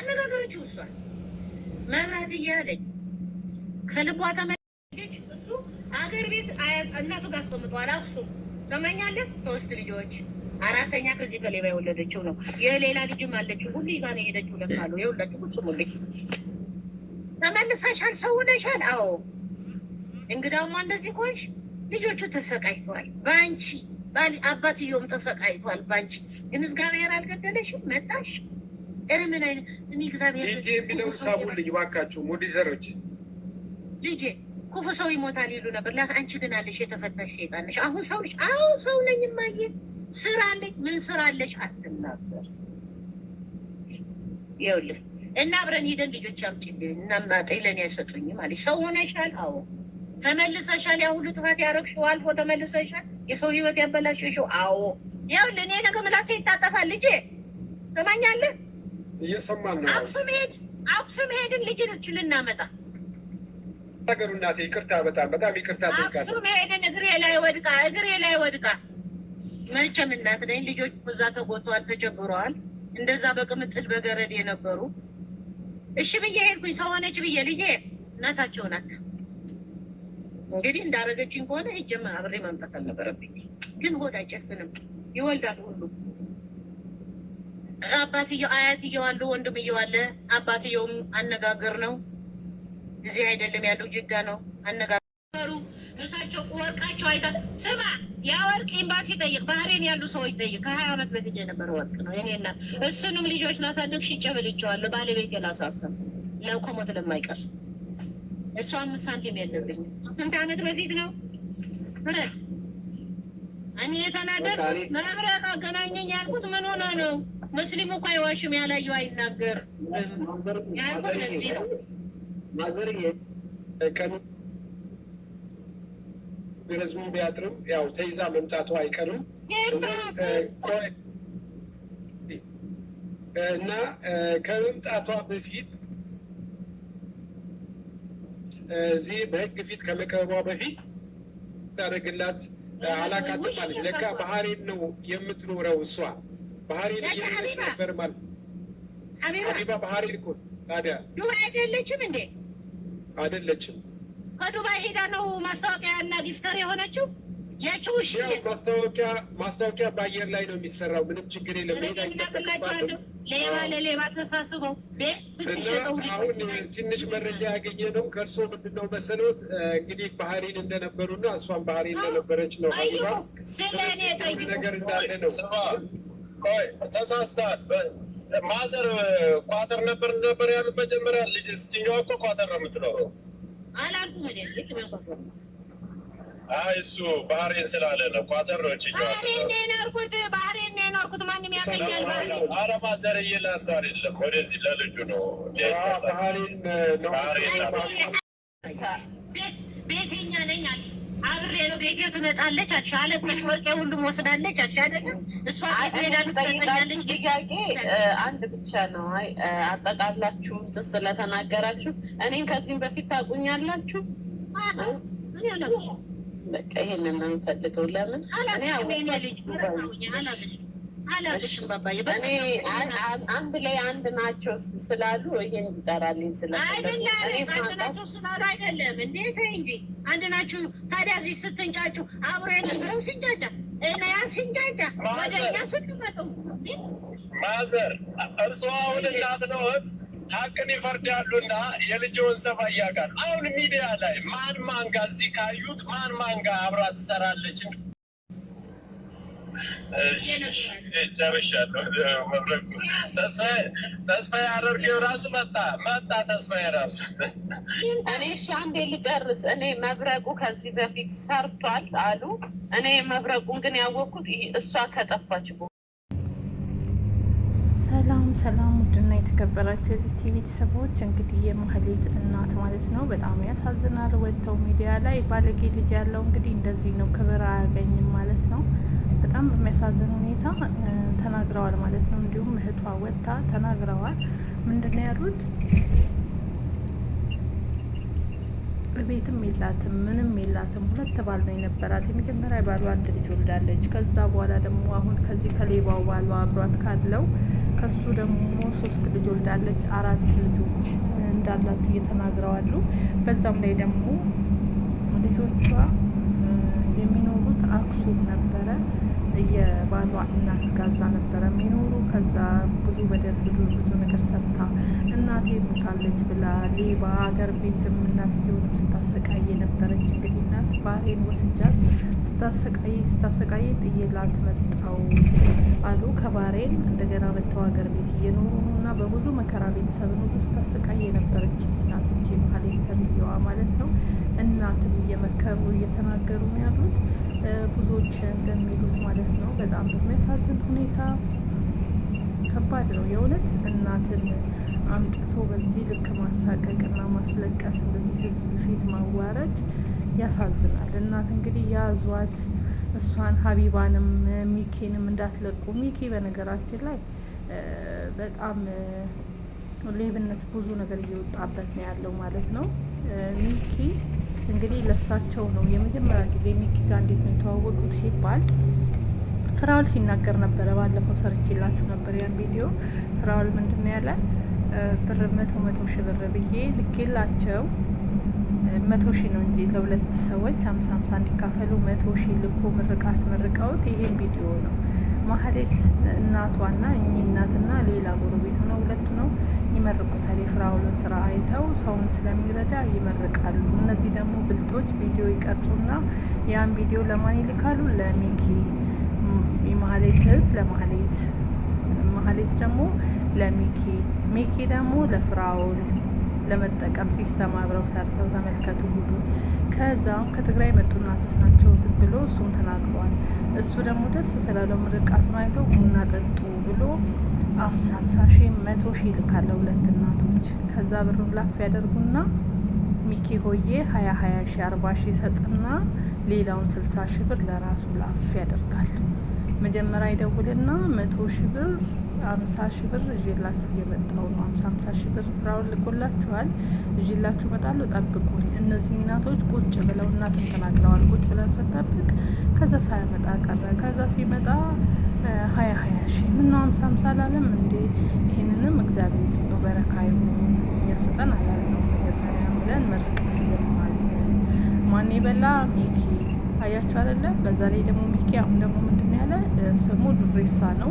አነጋገረችው። እሷ መብራት እያለኝ ከልቧ ተመለች። እሱ አገር ቤት እናቱ ጋር አስቀምጠዋል። አክሱም ሰማኛለህ። ሶስት ልጆች አራተኛ ከዚህ ከሌባ የወለደችው ነው። የሌላ ልጅም አለችው። ሁሉ ይዛ ነው የሄደችው። ለካሉ የሁላችሁ ስሙልኝ። ተመልሰሻል፣ ሰውነሻል። አዎ እንግዳውማ እንደዚህ ኮንሽ። ልጆቹ ተሰቃይተዋል በአንቺ፣ አባትየውም ተሰቃይቷል በአንቺ። ግን እግዚአብሔር አልገደለሽም። መጣሽ ምን እኔ እግዚአብሔር የሚለውን ሳሙልኝ እባካችሁ ሞዲዘሮች። ልጄ ክፉ ሰው ይሞታል ይሉ ነበር። ግን አለሽ፣ የተፈታሽ ሴጣን ነሽ። አሁን ሰው ነሽ። አሁን ሰው ነኝ። ማየ ስራ አለኝ። ምን ስራ አለሽ? ይኸውልህ እና አብረን ሄደን ልጆች አምጪልኝ እና ማጠይ ለእኔ አይሰጡኝም አለሽ። ሰው ሆነሻል። አዎ ተመልሰሻል። ያ ሁሉ ጥፋት አልፎ ተመልሰሻል። የሰው ህይወት አዎ ይኸውልህ እኔ ነገ ምላሴ ይታጠፋል። ልጄ ትሰማኛለህ? እየሰማን ነው። አክሱም ሄድ አክሱም ሄድን ልጅ ልናመጣ ነገሩ እናቴ ይቅርታ፣ በጣም በጣም ይቅርታ። አክሱም ሄድን እግሬ ላይ ወድቃ እግሬ ላይ ወድቃ መቼም እናት ነኝ። ልጆች እዛ ተጎተዋል፣ ተቸግረዋል። እንደዛ በቅምጥል በገረድ የነበሩ እሺ ብዬ ሄድኩኝ። ሰው ሆነች ብዬ ልዬ እናታቸው ናት እንግዲህ እንዳረገችኝ ከሆነ እጅም አብሬ ማምጣት አልነበረብኝ፣ ግን ሆድ አይጨፍንም፣ ይወልዳል ሁሉ አባትየው አያትየው አሉ፣ ወንድምየው አለ። አባትየውም አነጋገር ነው። እዚህ አይደለም ያለው ጅዳ ነው። አነጋገሩ እሳቸው ወርቃቸው አይተ ስማ፣ ያ ወርቅ ኤምባሲ ጠይቅ፣ ባህሬን ያሉ ሰዎች ጠይቅ። ከሀያ አመት በፊት የነበረ ወርቅ ነው የኔና እሱንም ልጆች ላሳደግ ሽጬ ብልቼዋለሁ። ባለቤት የላሳከም ለው ለማይቀር እሱ አምስት ሳንቲም የለብኝ። ስንት አመት በፊት ነው? እኔ የተናገር መብረቅ አገናኘኝ ያልኩት ምን ሆነ ነው? ሙስሊም እኮ አይዋሽም፣ ያላየው አይናገር ያልኩት ለዚህ ነው። ማዘርዬ ህዝቡ ቢያጥርም ያው ተይዛ መምጣቱ አይቀርም እና ከመምጣቷ በፊት እዚህ በህግ ፊት ከመቅረቧ በፊት ታደርግላት አላቃትም አለች። ለካ ባህሬን ነው የምትኖረው እሷ። ባህሬን እየኖረች ነበር ማለት ሀቢባ ባህሬን እኮ ታዲያ ዱባይ አይደለችም እንዴ? አይደለችም። ከዱባይ ሄዳ ነው ማስታወቂያ እና ጊፍተር የሆነችው። የችውሽ ማስታወቂያ ማስታወቂያ በአየር ላይ ነው የሚሰራው። ምንም ችግር የለም። ሄዳ ሌባ ለሌባ ተሳስበው አሁን ትንሽ መረጃ ያገኘ ነው ከእርሶ ምንድነው መሰሎት እንግዲህ ባህሪን እንደነበሩና እሷን ባህሪ እንደነበረች ነው ነገር እንዳለ ነው። ተሳስተሃል። ማዘር ቋጠር ነበር ነበር ያሉት መጀመሪያ። ልጅ ስትኛዋ እኮ ቋጠር ነው የምትኖረው እሱ ባህሬን ስላለ ነው። ቋጠር ነው ችኛዋ ባህሬን ነው የኖርኩት ኧረ ማዘርዬ ላንተ አይደለም፣ ወደዚህ ለልጁ ነው። ቤቴኛ ነኝ አብሬ ነው ቤቴ ትመጣለች አልሽ፣ አለቀሽ። ወርቄ ሁሉም ወስዳለች አልሽ አይደለም። እሷ ቤት ሄዳ ትሰጠኛለች። ጥያቄ አንድ ብቻ ነው። አይ አጠቃላችሁ እንትን ስለተናገራችሁ እኔን ከዚህም በፊት ታውቁኛላችሁ። በቃ ይሄንን ነው የምፈልገው። ለምን አላ ልጅ አላ አላቅሽም ባባዬ። አንድ ላይ አንድ ናቸው ስላሉ ይሄን ይጠራልኝ ስላአንድ ናቸው ስላሉ አይደለም እንዴ እንጂ አንድ ናቸው። ታዲያ እዚህ ስትንጫጩ አብሮ የነበረው ሲንጫጫ እነያ ሲንጫጫ ወደ ስትመጡ ማዘር እርሷ አሁን እናት ነው እህት ሀቅን ይፈርዳሉና የልጅውን ሰፋ እያጋር አሁን ሚዲያ ላይ ማን ማን ጋ እዚህ ካዩት ማን ማን ጋ አብራ ትሰራለች ጨርሻለሁ። መብረቁ ራሱ መጣ መጣ ተስፋ ራሱ እኔ እሺ፣ አንዴ ልጨርስ። እኔ መብረቁ ከዚህ በፊት ሰርቷል አሉ። እኔ መብረቁን ግን ያወቅኩት እሷ ከጠፋች ሰላም ሰላም፣ ውድና የተከበራቸው የዚህ ቲቪ ቤተሰቦች፣ እንግዲህ የማህሌት እናት ማለት ነው። በጣም ያሳዝናል። ወጥተው ሚዲያ ላይ ባለጌ ልጅ ያለው እንግዲህ እንደዚህ ነው፣ ክብር አያገኝም ማለት ነው። በጣም በሚያሳዝን ሁኔታ ተናግረዋል ማለት ነው። እንዲሁም እህቷ ወጥታ ተናግረዋል። ምንድን ነው ያሉት? ቤትም የላትም ምንም የላትም። ሁለት ባል ነው የነበራት። የመጀመሪያ ባሏ አንድ ልጅ ወልዳለች። ከዛ በኋላ ደግሞ አሁን ከዚህ ከሌባው ባሏ አብሯት ካለው ከሱ ደግሞ ሶስት ልጅ ወልዳለች። አራት ልጆች እንዳላት እየተናግረዋሉ። በዛም ላይ ደግሞ ልጆቿ የሚኖሩት አክሱም ነበረ። የባሏ እናት ጋዛ ነበረ የሚኖሩ። ከዛ ብዙ በደል ብዙ ብዙ ነገር ሰርታ እናቴ ሞታለች ብላ ሌባ ሀገር ቤትም እናትየውን ስታሰቃይ የነበረች እንግዲህ እናት ባህሬን ወስጃት ስታሰቃይ ስታሰቃይ ጥዬላት መጣው አሉ። ከባሬን እንደገና መተው ሀገር ቤት እየኖሩ ነው እና በብዙ መከራ ቤተሰብን ሁሉ ስታሰቃይ የነበረች ልጅ ናት እቺ ማለት ነው። እናትም እየመከሩ እየተናገሩ ነው ያሉት። ብዙዎች እንደሚሉት ማለት ነው። በጣም በሚያሳዝን ሁኔታ ከባድ ነው የእውነት እናትን አምጥቶ በዚህ ልክ ማሳቀቅና ማስለቀስ እንደዚህ ህዝብ ፊት ማዋረድ ያሳዝናል። እናት እንግዲህ ያዟት፣ እሷን ሀቢባንም ሚኪንም እንዳትለቁ። ሚኪ በነገራችን ላይ በጣም ሌብነት ብዙ ነገር እየወጣበት ነው ያለው ማለት ነው ሚኪ እንግዲህ ለሳቸው ነው የመጀመሪያ ጊዜ ሚኪ ጋር እንዴት ነው የተዋወቁት ሲባል ፍራውል ሲናገር ነበረ። ባለፈው ሰርቼላችሁ ነበር ያን ቪዲዮ። ፍራውል ምንድን ነው ያለ ብር መቶ መቶ ሺ ብር ብዬ ልኬላቸው መቶ ሺ ነው እንጂ ለሁለት ሰዎች ሀምሳ ሀምሳ እንዲካፈሉ መቶ ሺ ልኮ ምርቃት መርቀውት ይሄን ቪዲዮ ነው ማህሌት እናቷና እኚህ እናትና ሌላ ጎረቤቱ ነው ሁለቱ ነው ይመርቁታል። የፍራውሉን ስራ አይተው ሰውን ስለሚረዳ ይመርቃሉ። እነዚህ ደግሞ ብልጦች ቪዲዮ ይቀርጹና ያን ቪዲዮ ለማን ይልካሉ? ለሚኪ የማህሌት እህት ለማህሌት ማህሌት ደግሞ ለሚኪ ሚኪ ደግሞ ለፍራውል ለመጠቀም ሲስተም አብረው ሰርተው ተመልከቱ ጉዱ። ከዛም ከትግራይ መጡ እናቶች ናቸው ብሎ እሱም ተናግረዋል እሱ ደግሞ ደስ ስላለው ምርቃቱን አይቶ ቡና ጠጡ ብሎ አምሳ አምሳ ሺ መቶ ሺ ይልካል ሁለት እናቶች። ከዛ ብሩን ላፍ ያደርጉና ሚኪ ሆዬ ሀያ ሀያ ሺ አርባ ሺ ሰጥና ሌላውን ስልሳ ሺ ብር ለራሱ ላፍ ያደርጋል። መጀመሪያ ይደውልና መቶ ሺ ብር አምሳ ሺ ብር እዤላችሁ እየመጣሁ ነው። አምሳ አምሳ ሺ ብር ፍራውን ልኮላችኋል። እዤላችሁ እመጣለሁ፣ ጠብቁኝ። እነዚህ እናቶች ቁጭ ብለው እናትን ተናግረዋል። ቁጭ ብለን ስንጠብቅ ከዛ ሳያመጣ ቀረ። ከዛ ሲመጣ ሀያ ሀያ ሺ ምን ነው አምሳ አምሳ አላለም እንዴ? ይህንንም እግዚአብሔር ይስጠው በረካ ይሁን የሚያስጠን አላልነው መጀመሪያ ብለን መርቅ ዝማል ማን የበላ ሚኪ አያችሁ አይደለ? በዛ ላይ ደግሞ ሚኪ አሁን ደግሞ ምንድን ያለ ስሙ ዱሬሳ ነው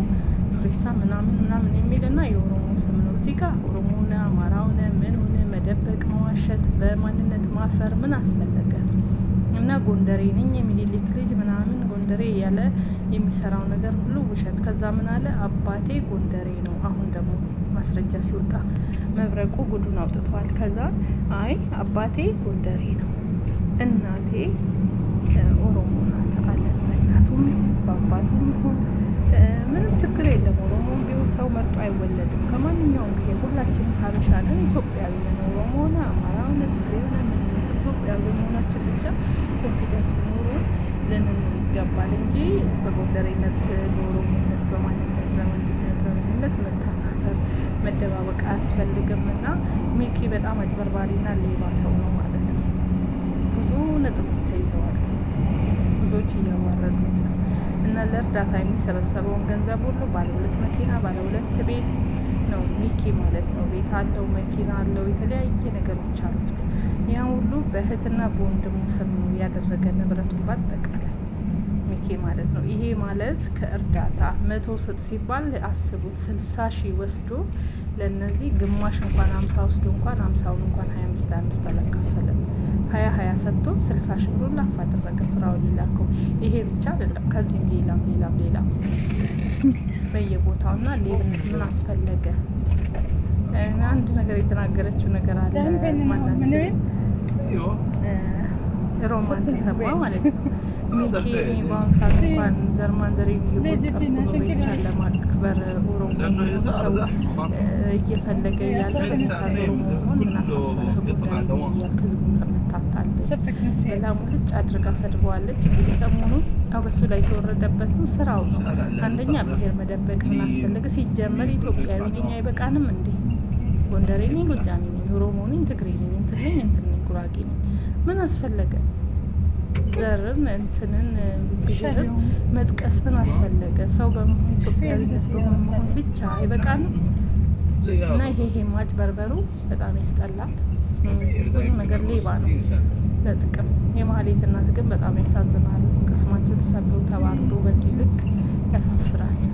ሪሳ ምናምን ምናምን የሚል ና የኦሮሞ ስም ነው። እዚህ ጋር ኦሮሞ ሆነ አማራ ሆነ ምን ሆነ መደበቅ፣ መዋሸት፣ በማንነት ማፈር ምን አስፈለገ? እና ጎንደሬ ነኝ የሚኒሊክ ልጅ ምናምን ጎንደሬ እያለ የሚሰራው ነገር ሁሉ ውሸት። ከዛ ምን አለ አባቴ ጎንደሬ ነው። አሁን ደግሞ ማስረጃ ሲወጣ መብረቁ ጉዱን አውጥቷል። ከዛ አይ አባቴ ጎንደሬ ነው፣ እናቴ ኦሮሞ ናት አለ። በእናቱም ይሁን በአባቱም ይሁን ምንም ችግር የለም። ኦሮሞም ቢሆን ሰው መርጦ አይወለድም። ከማንኛውም ብሄር ሁላችን ሀበሻ ነን፣ ኢትዮጵያዊ ነን። ኦሮሞ ሆነ አማራ ሆነ ትግሬ ሆነ ኢትዮጵያዊ በመሆናችን ብቻ ኮንፊደንስ ኖሮን ልንን ይገባል እንጂ በጎንደሬነት፣ በኦሮሞነት፣ በማንነት፣ በወንድነት፣ በምንነት መተፋፈር፣ መደባበቅ አያስፈልግም እና ሚኪ በጣም አጭበርባሪና ሌባ ሰው ነው ማለት ነው። ብዙ ነጥቦች ተይዘዋል። ብዙዎች እያዋረዱት ነው። እና ለእርዳታ የሚሰበሰበውን ገንዘብ ሁሉ ባለሁለት መኪና ባለሁለት ቤት ነው ሚኪ ማለት ነው። ቤት አለው፣ መኪና አለው፣ የተለያየ ነገሮች አሉት። ያ ሁሉ በእህትና በወንድሙ ስም ነው ያደረገ ንብረቱን ባጠቃላይ ሚኪ ማለት ነው። ይሄ ማለት ከእርዳታ መቶ ስጥ ሲባል አስቡት፣ ስልሳ ሺህ ወስዶ ለእነዚህ ግማሽ እንኳን አምሳ ወስዶ እንኳን አምሳውን እንኳን ሀያ አምስት ሀያ አምስት አላካፈለም። ሀያ ሀያ ሰጥቶ ስልሳ ሺ ብሩን ላፍ አደረገ ፍራውን ሊላከው። ይሄ ብቻ አይደለም፣ ከዚህም ሌላም ሌላም ሌላ በየቦታው በየቦታውና ሌብነት ምን አስፈለገ? አንድ ነገር የተናገረችው ነገር አለ ማናት ሮማን ተሰማ ማለት ነው። ሚኪ በአሁኑ ሰዓት እንኳን ዘር ማንዘር የሚወጠር ቻን ለማክበር ኦሮሞ ሰው እየፈለገ ያለ በዚህ ሰዓት ኦሮሞ መሆን ምን አሳፈረህ? ጉዳይ ያልክ ህዝቡ ታታታል ብላ ሙልጭ አድርጋ ሰድበዋለች። እንግዲህ ሰሞኑ በሱ ላይ የተወረደበት ነው ስራው ነው። አንደኛ ብሄር መደበቅ ምን አስፈለገ? ሲጀመር ኢትዮጵያዊ ነኝ አይበቃንም እንዴ? ጎንደሬ ነኝ፣ ጎጃሜ ነኝ፣ ኦሮሞ ነኝ፣ ትግሬ ነኝ፣ እንትን ነኝ፣ እንትን ነኝ፣ ጉራጌ ነኝ። ምን አስፈለገ? ዘርን እንትንን ብሄርን መጥቀስ ምን አስፈለገ? ሰው በመሆን ኢትዮጵያዊነት በመሆን ብቻ አይበቃንም? እና ይሄ ይሄ ማጭበርበሩ በጣም ያስጠላል። ብዙ ነገር ሌባ ነው ለጥቅም የማህሌት እናት ግን በጣም ያሳዝናሉ። ቅስማቸው ተሰብሮ ተባርዶ በዚህ ልክ ያሳፍራል።